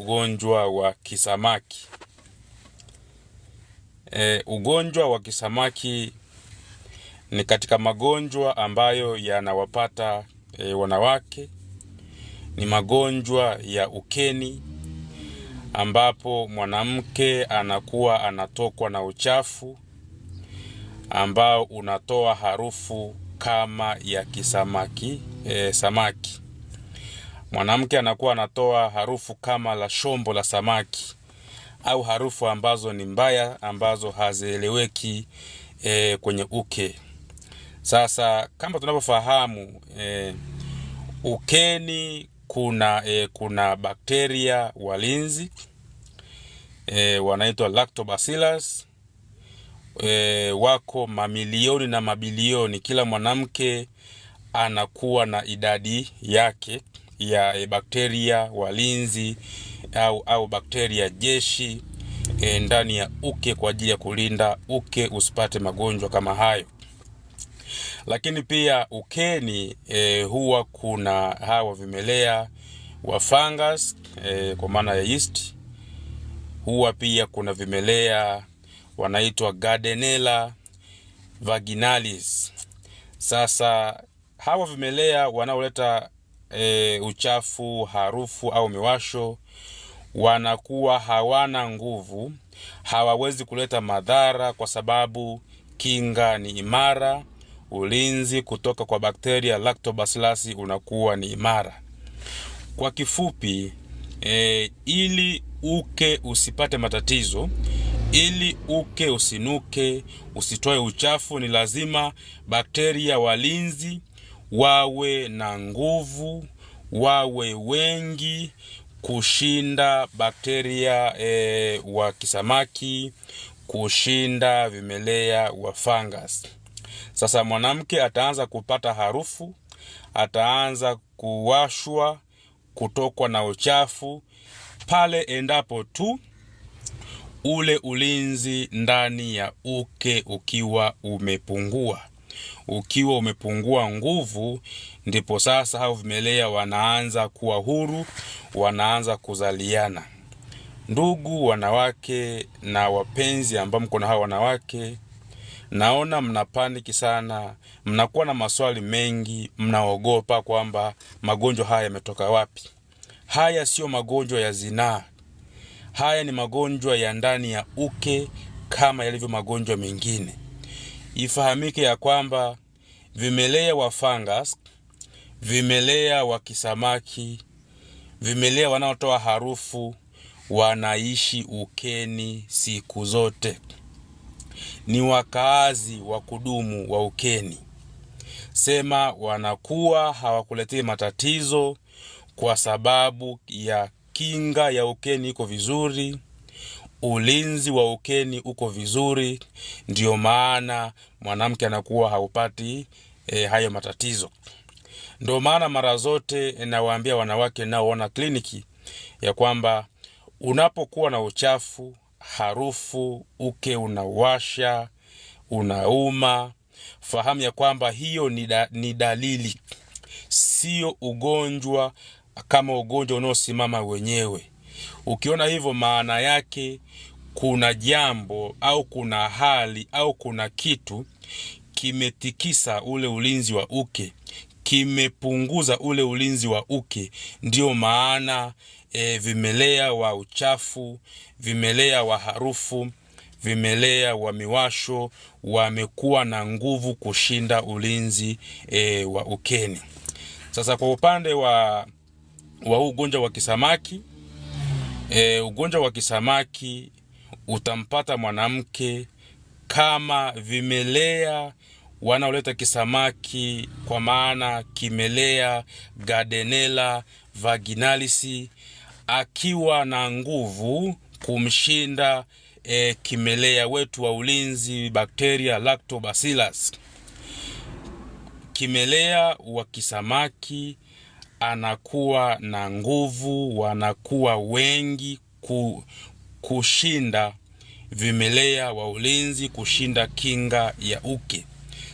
ugonjwa wa kisamaki. E, ugonjwa wa kisamaki ni katika magonjwa ambayo yanawapata e, wanawake. Ni magonjwa ya ukeni ambapo mwanamke anakuwa anatokwa na uchafu ambao unatoa harufu kama ya kisamaki e, samaki mwanamke anakuwa anatoa harufu kama la shombo la samaki au harufu ambazo ni mbaya ambazo hazieleweki e, kwenye uke. Sasa kama tunavyofahamu e, ukeni kuna e, kuna bakteria walinzi e, wanaitwa lactobacillus e, wako mamilioni na mabilioni. Kila mwanamke anakuwa na idadi yake ya e, bakteria walinzi au, au bakteria jeshi e, ndani ya uke kwa ajili ya kulinda uke usipate magonjwa kama hayo. Lakini pia ukeni e, huwa kuna hawa vimelea wa fungus e, kwa maana ya yeast. Huwa pia kuna vimelea wanaitwa gardenella vaginalis. Sasa hawa vimelea wanaoleta e, uchafu, harufu au miwasho, wanakuwa hawana nguvu, hawawezi kuleta madhara kwa sababu kinga ni imara. Ulinzi kutoka kwa bakteria lactobacillus unakuwa ni imara. Kwa kifupi e, ili uke usipate matatizo, ili uke usinuke, usitoe uchafu, ni lazima bakteria walinzi wawe na nguvu, wawe wengi kushinda bakteria e, wa kisamaki, kushinda vimelea wa fungus. Sasa mwanamke ataanza kupata harufu, ataanza kuwashwa, kutokwa na uchafu pale endapo tu ule ulinzi ndani ya uke ukiwa umepungua. Ukiwa umepungua nguvu, ndipo sasa hao vimelea wanaanza kuwa huru, wanaanza kuzaliana. Ndugu wanawake na wapenzi ambao mko na hao wanawake, naona mna paniki sana, mnakuwa na maswali mengi, mnaogopa kwamba magonjwa haya yametoka wapi. Haya siyo magonjwa ya zinaa, haya ni magonjwa ya ndani ya uke kama yalivyo magonjwa mengine. Ifahamike ya kwamba vimelea wa fungus, vimelea wa kisamaki, vimelea wanaotoa harufu wanaishi ukeni siku zote, ni wakaazi wa kudumu wa ukeni. Sema wanakuwa hawakuletei matatizo kwa sababu ya kinga ya ukeni iko vizuri ulinzi wa ukeni uko vizuri, ndio maana mwanamke anakuwa haupati e, hayo matatizo. Ndio maana mara zote nawaambia wanawake naoona kliniki ya kwamba unapokuwa na uchafu, harufu, uke unawasha, unauma, fahamu ya kwamba hiyo ni, da, ni dalili, sio ugonjwa kama ugonjwa unaosimama wenyewe. Ukiona hivyo, maana yake kuna jambo au kuna hali au kuna kitu kimetikisa ule ulinzi wa uke, kimepunguza ule ulinzi wa uke. ndio maana e, vimelea wa uchafu, vimelea wa harufu, vimelea wa miwasho wamekuwa na nguvu kushinda ulinzi e, wa ukeni. Sasa kwa upande wa wa ugonjwa wa kisamaki e, ugonjwa wa kisamaki utampata mwanamke kama vimelea wanaoleta kisamaki, kwa maana kimelea Gardenella vaginalis akiwa na nguvu kumshinda e, kimelea wetu wa ulinzi bakteria lactobacillus. Kimelea wa kisamaki anakuwa na nguvu, wanakuwa wengi kushinda vimelea wa ulinzi kushinda kinga ya uke.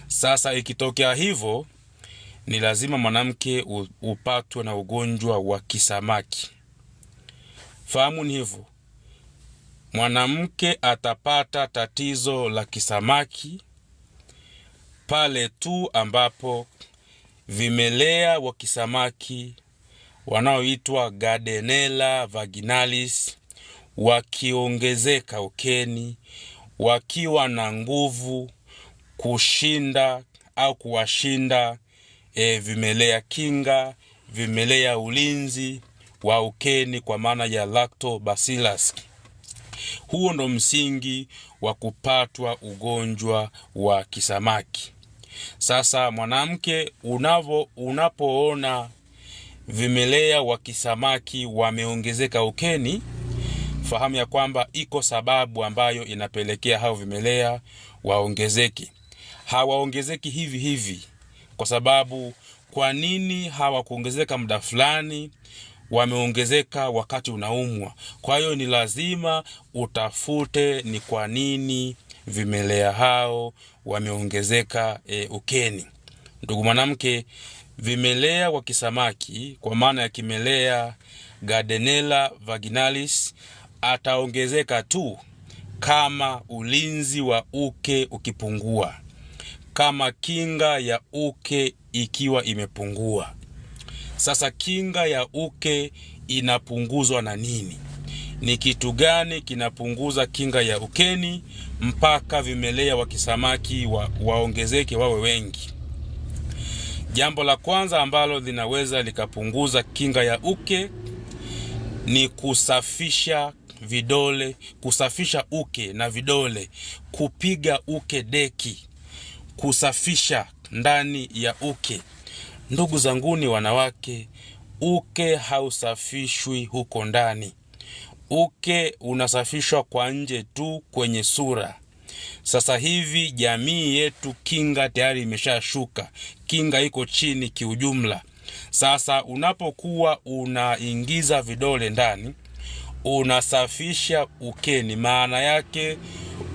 Sasa ikitokea hivyo, ni lazima mwanamke upatwe na ugonjwa wa kisamaki. Fahamu ni hivyo, mwanamke atapata tatizo la kisamaki pale tu ambapo vimelea wa kisamaki wanaoitwa Gardnerella vaginalis wakiongezeka ukeni, wakiwa na nguvu kushinda au kuwashinda e, vimelea kinga, vimelea ulinzi wa ukeni kwa maana ya lactobacillus. Huo ndo msingi wa kupatwa ugonjwa wa kisamaki. Sasa mwanamke, unavo unapoona vimelea wa kisamaki wameongezeka ukeni fahamu ya kwamba iko sababu ambayo inapelekea hao vimelea waongezeki. Hawaongezeki hivi hivi, kwa sababu kwa nini hawakuongezeka muda fulani? Wameongezeka wakati unaumwa. Kwa hiyo ni lazima utafute ni kwa nini vimelea hao wameongezeka e, ukeni. Ndugu mwanamke, vimelea wa kisamaki kwa maana ya kimelea Gardnerella vaginalis ataongezeka tu kama ulinzi wa uke ukipungua, kama kinga ya uke ikiwa imepungua. Sasa kinga ya uke inapunguzwa na nini? Ni kitu gani kinapunguza kinga ya ukeni mpaka vimelea wa kisamaki wa, waongezeke wawe wengi? Jambo la kwanza ambalo linaweza likapunguza kinga ya uke ni kusafisha vidole, kusafisha uke na vidole, kupiga uke deki, kusafisha ndani ya uke. Ndugu zanguni wanawake, uke hausafishwi huko ndani. Uke unasafishwa kwa nje tu kwenye sura. Sasa hivi jamii yetu kinga tayari imeshashuka, kinga iko chini kiujumla. Sasa unapokuwa unaingiza vidole ndani unasafisha ukeni, maana yake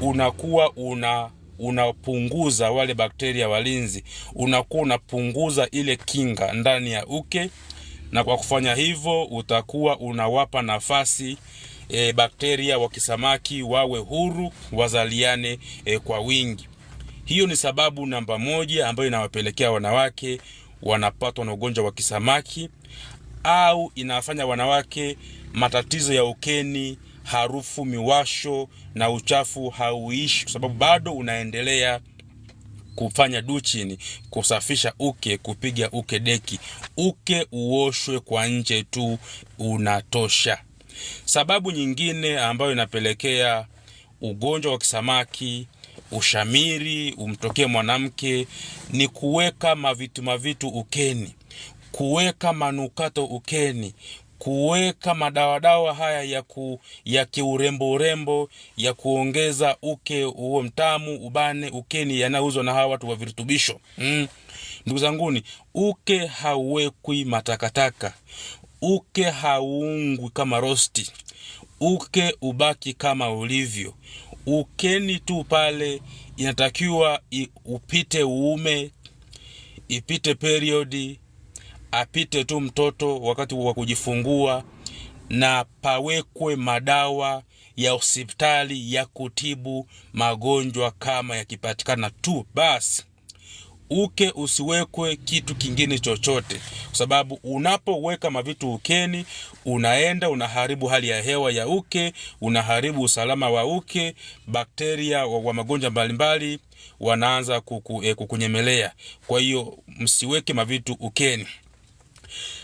unakuwa una unapunguza wale bakteria walinzi, unakuwa unapunguza ile kinga ndani ya uke, na kwa kufanya hivyo utakuwa unawapa nafasi e, bakteria wa kisamaki wawe huru wazaliane e, kwa wingi. Hiyo ni sababu namba moja ambayo inawapelekea wanawake wanapatwa na ugonjwa wa kisamaki au inafanya wanawake matatizo ya ukeni, harufu, miwasho na uchafu hauishi, kwa sababu bado unaendelea kufanya duchini kusafisha uke, kupiga uke deki. Uke uoshwe kwa nje tu unatosha. Sababu nyingine ambayo inapelekea ugonjwa wa kisamaki ushamiri umtokee mwanamke ni kuweka mavitu mavitu ukeni kuweka manukato ukeni, kuweka madawadawa haya ya, ku, ya kiurembo urembo ya kuongeza uke huo mtamu ubane ukeni yanayouzwa na hawa watu wa virutubisho mm. Ndugu zanguni, uke hauwekwi matakataka, uke hauungwi kama rosti, uke ubaki kama ulivyo. Ukeni tu pale inatakiwa upite uume, ipite periodi apite tu mtoto wakati wa kujifungua na pawekwe madawa ya hospitali ya kutibu magonjwa kama yakipatikana tu basi. Uke usiwekwe kitu kingine chochote, kwa sababu unapoweka mavitu ukeni, unaenda unaharibu hali ya hewa ya uke, unaharibu usalama wa uke. Bakteria wa, wa magonjwa mbalimbali wanaanza kuku, eh, kukunyemelea. Kwa hiyo msiweke mavitu ukeni.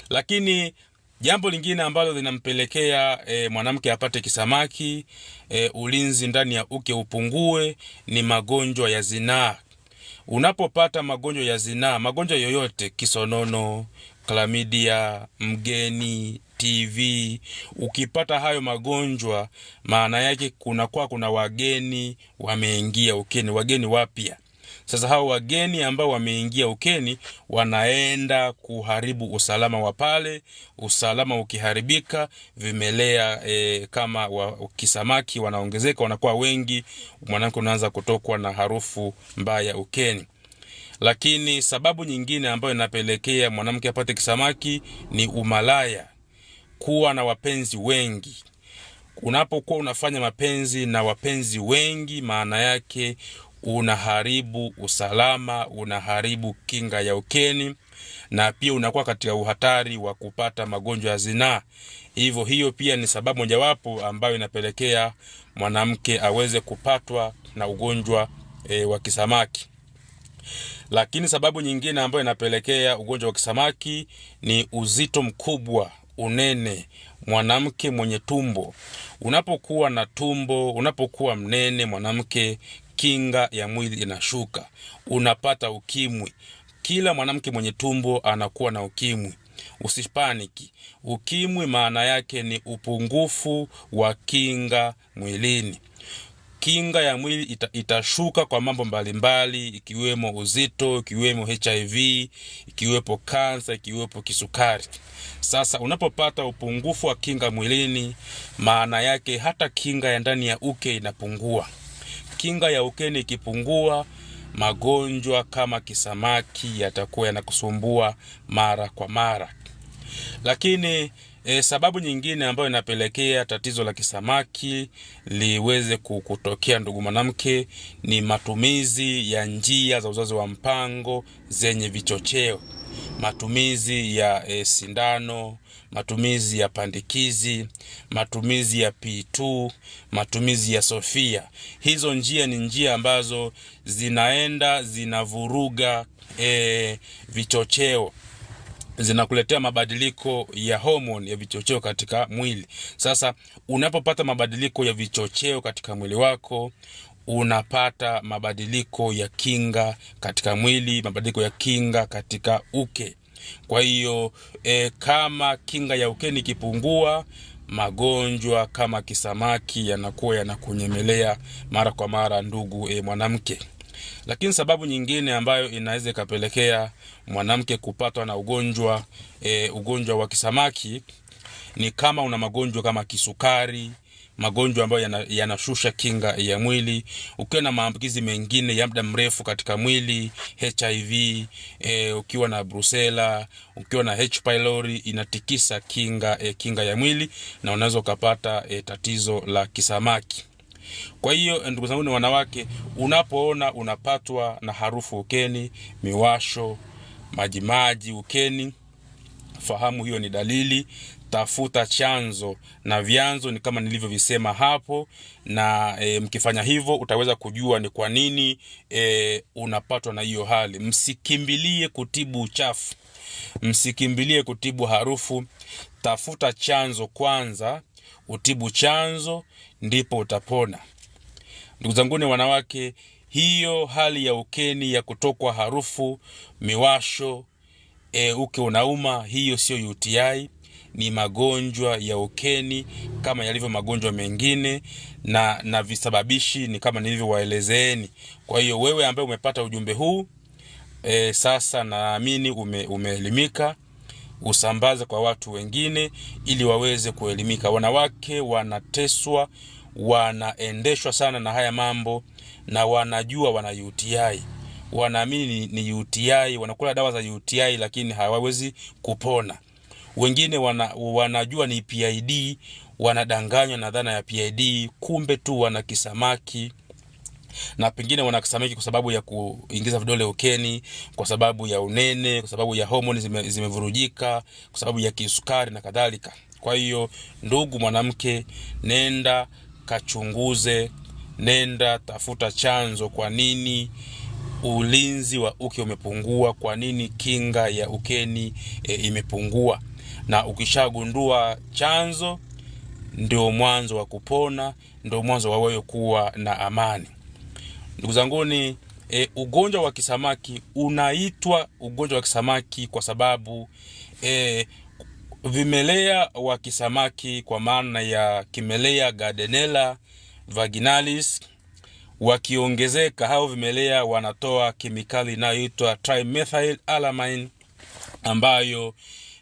Lakini jambo lingine ambalo linampelekea e, mwanamke apate kisamaki e, ulinzi ndani ya uke upungue ni magonjwa ya zinaa. Unapopata magonjwa ya zinaa, magonjwa yoyote, kisonono, klamidia, mgeni TV, ukipata hayo magonjwa, maana yake kunakuwa kuna wageni wameingia ukeni, wageni wapya. Sasa hao wageni ambao wameingia ukeni wanaenda kuharibu usalama wa pale. Usalama ukiharibika, vimelea e, kama wa, kisamaki wanaongezeka, wanakuwa wengi, mwanamke unaanza kutokwa na harufu mbaya ukeni. Lakini sababu nyingine ambayo inapelekea mwanamke apate kisamaki ni umalaya, kuwa na wapenzi wengi. Unapokuwa unafanya mapenzi na wapenzi wengi, maana yake unaharibu usalama, unaharibu kinga ya ukeni na pia unakuwa katika uhatari wa kupata magonjwa ya zinaa. Hivyo hiyo pia ni sababu mojawapo ambayo inapelekea mwanamke aweze kupatwa na ugonjwa e, wa kisamaki. Lakini sababu nyingine ambayo inapelekea ugonjwa wa kisamaki ni uzito mkubwa, unene. Mwanamke mwenye tumbo, unapokuwa na tumbo, unapokuwa mnene mwanamke, kinga ya mwili inashuka, unapata ukimwi. Kila mwanamke mwenye tumbo anakuwa na ukimwi. Usipaniki. Ukimwi maana yake ni upungufu wa kinga mwilini. Kinga ya mwili ita, itashuka kwa mambo mbalimbali ikiwemo uzito, ikiwemo HIV, ikiwepo kansa, ikiwepo kisukari. Sasa unapopata upungufu wa kinga mwilini, maana yake hata kinga ya ndani ya uke inapungua kinga ya ukeni ikipungua, magonjwa kama kisamaki yatakuwa yanakusumbua mara kwa mara. Lakini e, sababu nyingine ambayo inapelekea tatizo la kisamaki liweze kukutokea ndugu mwanamke, ni matumizi ya njia za uzazi wa mpango zenye vichocheo, matumizi ya e, sindano matumizi ya pandikizi, matumizi ya P2, matumizi ya Sofia. Hizo njia ni njia ambazo zinaenda zinavuruga e, vichocheo zinakuletea mabadiliko ya homoni ya vichocheo katika mwili. Sasa unapopata mabadiliko ya vichocheo katika mwili wako unapata mabadiliko ya kinga katika mwili, mabadiliko ya kinga katika uke. Kwa hiyo e, kama kinga ya ukeni ikipungua, magonjwa kama kisamaki yanakuwa yanakunyemelea mara kwa mara, ndugu e, mwanamke. Lakini sababu nyingine ambayo inaweza ikapelekea mwanamke kupatwa na ugonjwa e, ugonjwa wa kisamaki ni kama una magonjwa kama kisukari, magonjwa ambayo yanashusha yana kinga ya mwili, ukiwa na maambukizi mengine ya muda mrefu katika mwili HIV, e, eh, ukiwa na brusela, ukiwa na H pylori inatikisa kinga, e, kinga ya mwili na unaweza ukapata e, tatizo la kisamaki. Kwa hiyo ndugu zangu, ni wanawake, unapoona unapatwa na harufu ukeni, miwasho, majimaji ukeni, fahamu hiyo ni dalili tafuta chanzo na vyanzo ni kama nilivyovisema hapo, na e, mkifanya hivyo utaweza kujua ni kwa nini e, unapatwa na hiyo hali. Msikimbilie kutibu uchafu, msikimbilie kutibu harufu. Tafuta chanzo kwanza, utibu chanzo, ndipo utapona. Ndugu ni wanawake, hiyo hali ya ukeni ya kutokwa harufu, miwasho, e, uke unauma, hiyo sio UTI ni magonjwa ya ukeni kama yalivyo magonjwa mengine, na, na visababishi ni kama nilivyowaelezeeni. Kwa hiyo wewe ambaye umepata ujumbe huu e, sasa naamini ume, umeelimika usambaze kwa watu wengine ili waweze kuelimika. Wanawake wanateswa, wanaendeshwa sana na haya mambo, na wanajua wana UTI, wanaamini ni UTI, wanakula dawa za UTI lakini hawawezi kupona. Wengine wana, wanajua ni PID, wanadanganywa na dhana ya PID, kumbe tu wana kisamaki na pengine kisamaki kwa sababu ya kuingiza vidole ukeni, kwa sababu ya unene, kwa sababu ya homoni zime, zimevurujika, kwa sababu ya kisukari na kadhalika. Kwa hiyo ndugu mwanamke, nenda kachunguze, nenda tafuta chanzo, kwa nini ulinzi wa uke umepungua, kwa nini kinga ya ukeni e, imepungua na ukishagundua chanzo, ndio mwanzo wa kupona, ndio mwanzo wa wewe kuwa na amani. Ndugu zanguni, e, ugonjwa wa kisamaki unaitwa ugonjwa wa kisamaki kwa sababu e, vimelea wa kisamaki kwa maana ya kimelea gardenella vaginalis wakiongezeka, hao vimelea wanatoa kemikali inayoitwa trimethylamine ambayo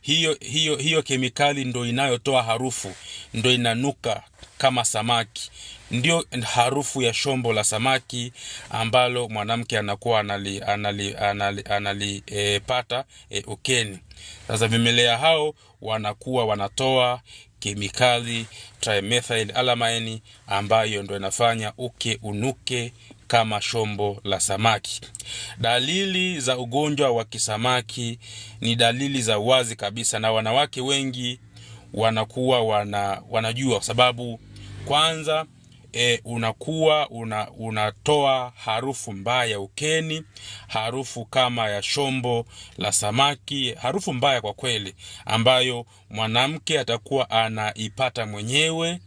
hiyo, hiyo, hiyo kemikali ndo inayotoa harufu, ndo inanuka kama samaki, ndio harufu ya shombo la samaki ambalo mwanamke anakuwa analipata anali, anali, anali, e, e, ukeni. Sasa vimelea hao wanakuwa wanatoa kemikali trimethyl ambayo ndo inafanya uke unuke kama shombo la samaki. Dalili za ugonjwa wa kisamaki ni dalili za wazi kabisa, na wanawake wengi wanakuwa wana, wanajua kwa sababu kwanza E, unakuwa una, unatoa harufu mbaya ukeni, harufu kama ya shombo la samaki, harufu mbaya kwa kweli, ambayo mwanamke atakuwa anaipata mwenyewe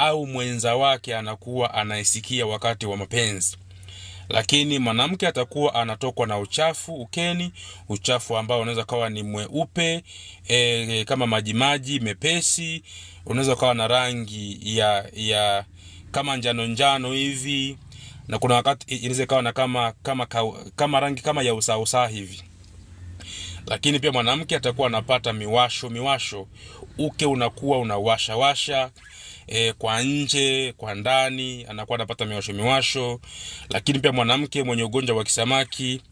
au mwenza wake anakuwa anaisikia wakati wa mapenzi. Lakini mwanamke atakuwa anatokwa na uchafu ukeni, uchafu ambao unaweza kawa ni mweupe e, e, kama majimaji mepesi, unaweza kawa na rangi ya ya kama njano njano hivi, na kuna wakati inaweza kawa na kama, kama, kama rangi kama ya usausaa hivi lakini pia mwanamke atakuwa anapata miwasho miwasho, uke unakuwa unawashawasha e, kwa nje kwa ndani, anakuwa anapata miwasho miwasho. Lakini pia mwanamke mwenye ugonjwa wa kisamaki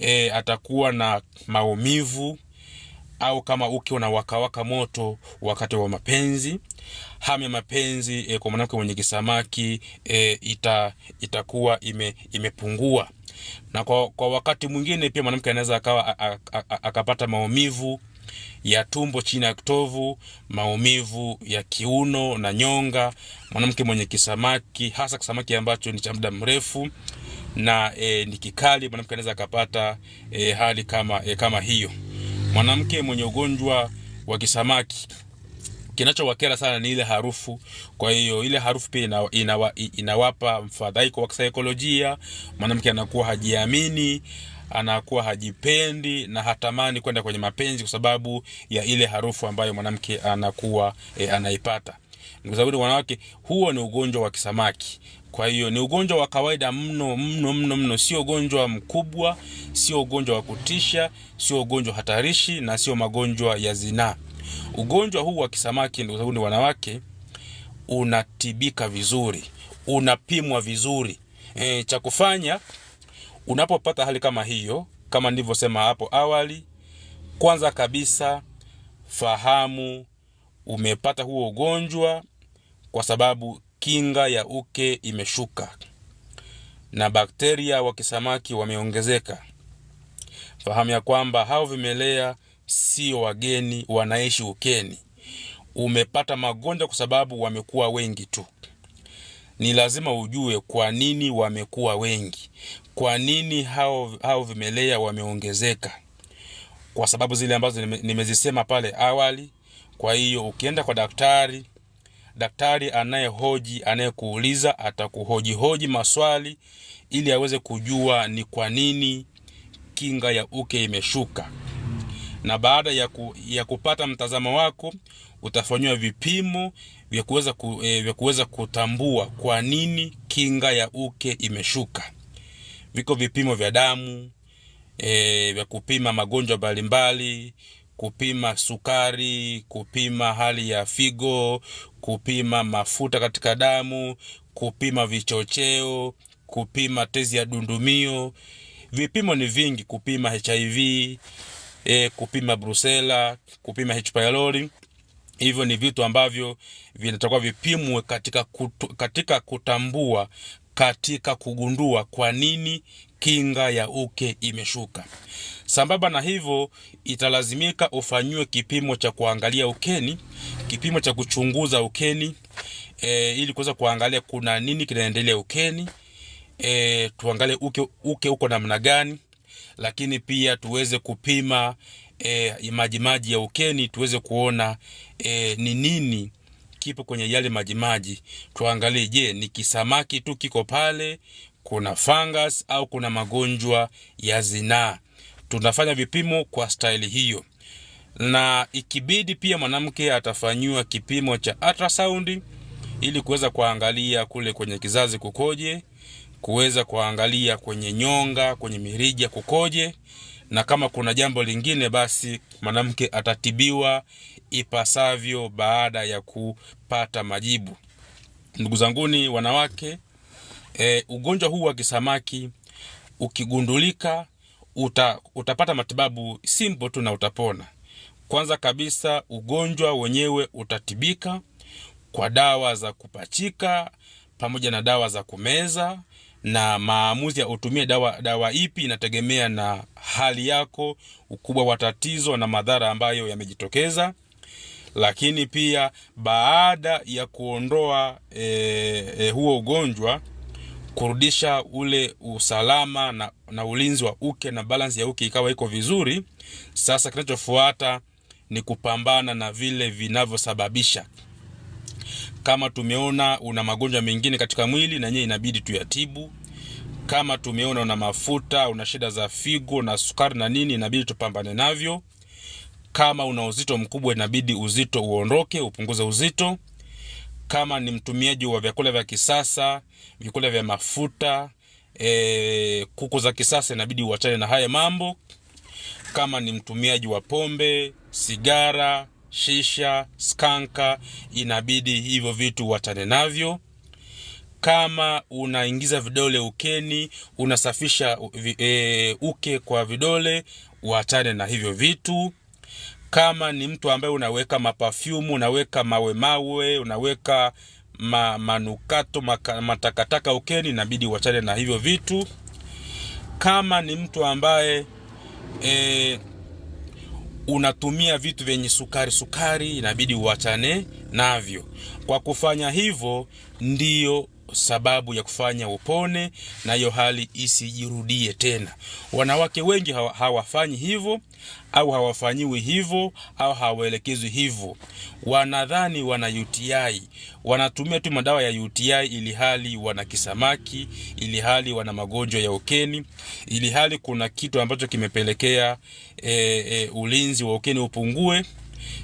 e, atakuwa na maumivu au kama uke una wakawaka moto wakati wa mapenzi. Hamu ya mapenzi e, kwa mwanamke mwenye kisamaki e, ita, itakuwa ime, imepungua na kwa, kwa wakati mwingine pia mwanamke anaweza akawa akapata maumivu ya tumbo chini ya kitovu, maumivu ya kiuno na nyonga, mwanamke mwenye kisamaki, hasa kisamaki ambacho ni cha muda mrefu na e, ni kikali, mwanamke anaweza akapata e, hali kama, e, kama hiyo. Mwanamke mwenye ugonjwa wa kisamaki kinachowakera sana ni ile harufu. Kwa hiyo ile harufu pia inawa, inawa, inawapa mfadhaiko wa kisaikolojia. Mwanamke anakuwa hajiamini anakuwa hajipendi na hatamani kwenda kwenye mapenzi kwa sababu ya ile harufu ambayo mwanamke anakuwa e, anaipata kwa wanawake huo ni ugonjwa wa kisamaki kwa hiyo ni ugonjwa wa kawaida mno mno mno mno sio ugonjwa mkubwa sio ugonjwa wa kutisha sio ugonjwa hatarishi na sio magonjwa ya zinaa ugonjwa huu wa kisamaki ndugu zangu ni wanawake unatibika vizuri unapimwa vizuri e, cha kufanya Unapopata hali kama hiyo, kama nilivyosema hapo awali, kwanza kabisa fahamu umepata huo ugonjwa kwa sababu kinga ya uke imeshuka na bakteria wa kisamaki wameongezeka. Fahamu ya kwamba hao vimelea sio wageni, wanaishi ukeni. Umepata magonjwa kwa sababu wamekuwa wengi tu. Ni lazima ujue kwa nini wamekuwa wengi. Kwa nini hao, hao vimelea wameongezeka? Kwa sababu zile ambazo nimezisema pale awali. Kwa hiyo ukienda kwa daktari, daktari anayehoji anayekuuliza atakuhojihoji maswali ili aweze kujua ni kwa nini kinga ya uke imeshuka, na baada ya, ku, ya kupata mtazamo wako utafanyiwa vipimo vya kuweza ku, e, kutambua kwa nini kinga ya uke imeshuka viko vipimo vya damu e, vya kupima magonjwa mbalimbali kupima sukari, kupima hali ya figo, kupima mafuta katika damu, kupima vichocheo, kupima tezi ya dundumio. Vipimo ni vingi, kupima HIV, e, kupima brusela, kupima H pylori. Hivyo ni vitu ambavyo vinatakiwa vipimwe katika, kutu, katika kutambua katika kugundua kwa nini kinga ya uke imeshuka. Sambamba na hivyo, italazimika ufanyiwe kipimo cha kuangalia ukeni, kipimo cha kuchunguza ukeni e, ili kuweza kuangalia kuna nini kinaendelea ukeni e, tuangalie uke, uke uko namna gani, lakini pia tuweze kupima e, majimaji ya ukeni tuweze kuona e, ni nini kipo kwenye yale majimaji, tuangalie, je, ni kisamaki tu kiko pale, kuna fungus au kuna magonjwa ya zinaa. Tunafanya vipimo kwa staili hiyo, na ikibidi pia mwanamke atafanyiwa kipimo cha ultrasound ili kuweza kuangalia kule kwenye kizazi kukoje, kuweza kuangalia kwenye nyonga, kwenye mirija kukoje, na kama kuna jambo lingine, basi mwanamke atatibiwa ipasavyo baada ya kupata majibu. Ndugu zanguni wanawake, e, ugonjwa huu wa kisamaki ukigundulika uta, utapata matibabu simple tu na utapona. Kwanza kabisa ugonjwa wenyewe utatibika kwa dawa za kupachika pamoja na dawa za kumeza, na maamuzi ya utumie dawa, dawa ipi inategemea na hali yako, ukubwa wa tatizo na madhara ambayo yamejitokeza lakini pia baada ya kuondoa e, e, huo ugonjwa kurudisha ule usalama na, na ulinzi wa uke na balance ya uke ikawa iko vizuri. Sasa kinachofuata ni kupambana na vile vinavyosababisha. Kama tumeona una magonjwa mengine katika mwili, na yeye inabidi tuyatibu. Kama tumeona una mafuta, una shida za figo na sukari na nini, inabidi tupambane navyo. Kama una uzito mkubwa, inabidi uzito uondoke, upunguze uzito. Kama ni mtumiaji wa vyakula vya kisasa, vyakula vya mafuta, e, kuku za kisasa, inabidi uachane na haya mambo. Kama ni mtumiaji wa pombe, sigara, shisha, skanka, inabidi hivyo vitu uachane navyo. Kama unaingiza vidole ukeni, unasafisha e, uke kwa vidole, uachane na hivyo vitu kama ni mtu ambaye unaweka mapafyumu, unaweka mawe mawe, unaweka ma, manukato maka, matakataka ukeni, inabidi uachane na hivyo vitu. Kama ni mtu ambaye e, unatumia vitu vyenye sukari sukari, inabidi uachane navyo. Kwa kufanya hivyo, ndio sababu ya kufanya upone na hiyo hali isijirudie tena. Wanawake wengi hawafanyi hivyo au hawafanyiwi hivyo au hawaelekezwi hivyo. Wanadhani wana UTI, wanatumia tu madawa ya UTI ili hali wana kisamaki, ili hali wana magonjwa ya ukeni, ili hali kuna kitu ambacho kimepelekea e, e, ulinzi wa ukeni upungue,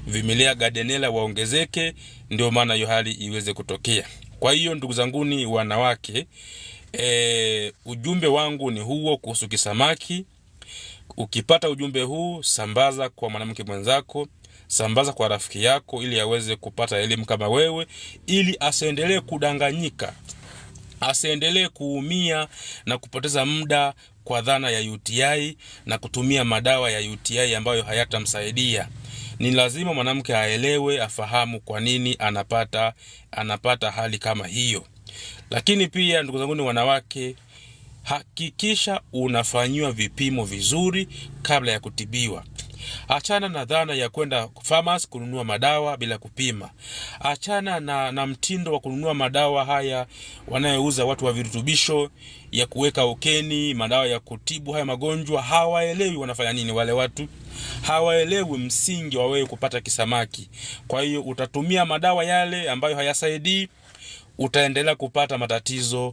vimelea gardenella waongezeke, ndio maana hiyo hali iweze kutokea. Kwa hiyo ndugu zanguni wanawake e, ujumbe wangu ni huo kuhusu kisamaki. Ukipata ujumbe huu, sambaza kwa mwanamke mwenzako, sambaza kwa rafiki yako, ili aweze kupata elimu kama wewe, ili asiendelee kudanganyika, asiendelee kuumia na kupoteza muda kwa dhana ya UTI na kutumia madawa ya UTI ambayo hayatamsaidia ni lazima mwanamke aelewe, afahamu kwa nini anapata anapata hali kama hiyo. Lakini pia ndugu zangu, ni wanawake, hakikisha unafanyiwa vipimo vizuri kabla ya kutibiwa. Achana na dhana ya kwenda famasi kununua madawa bila kupima. Achana na, na mtindo wa kununua madawa haya wanayouza watu wa virutubisho ya kuweka ukeni, madawa ya kutibu haya magonjwa. Hawaelewi wanafanya nini wale watu, hawaelewi msingi wa wewe kupata kisamaki. Kwa hiyo utatumia madawa yale ambayo hayasaidii, utaendelea kupata matatizo